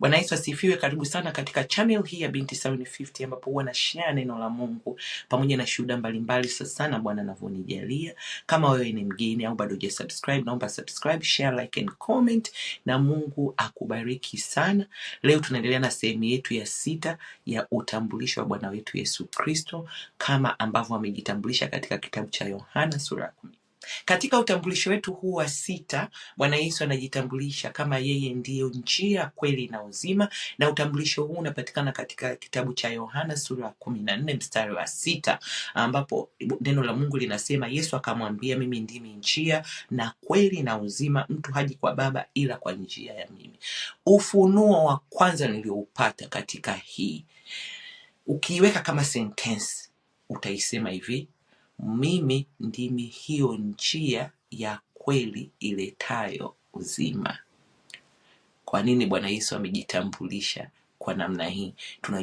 Bwana Yesu asifiwe. Karibu sana katika channel hii ya Binti 750 ambapo huwa na share neno la Mungu pamoja na shuhuda mbalimbali. Sasa sana Bwana anavyonijalia. Kama wewe ni mgeni au bado subscribe naomba subscribe, share, like and comment, na Mungu akubariki sana. Leo tunaendelea na sehemu yetu ya sita ya utambulisho wa Bwana wetu Yesu Kristo kama ambavyo amejitambulisha katika kitabu cha Yohana sura ya katika utambulisho wetu huu wa sita, Bwana Yesu anajitambulisha kama yeye ndiyo njia, kweli na uzima, na utambulisho huu unapatikana katika kitabu cha Yohana sura ya kumi na nne mstari wa sita ambapo neno la Mungu linasema, Yesu akamwambia, mimi ndimi njia na kweli na uzima, mtu haji kwa Baba ila kwa njia ya mimi. Ufunuo wa kwanza nilioupata katika hii, ukiiweka kama sentensi utaisema hivi mimi ndimi hiyo njia ya kweli iletayo uzima. Kwa nini Bwana Yesu amejitambulisha kwa namna hii? Tunajua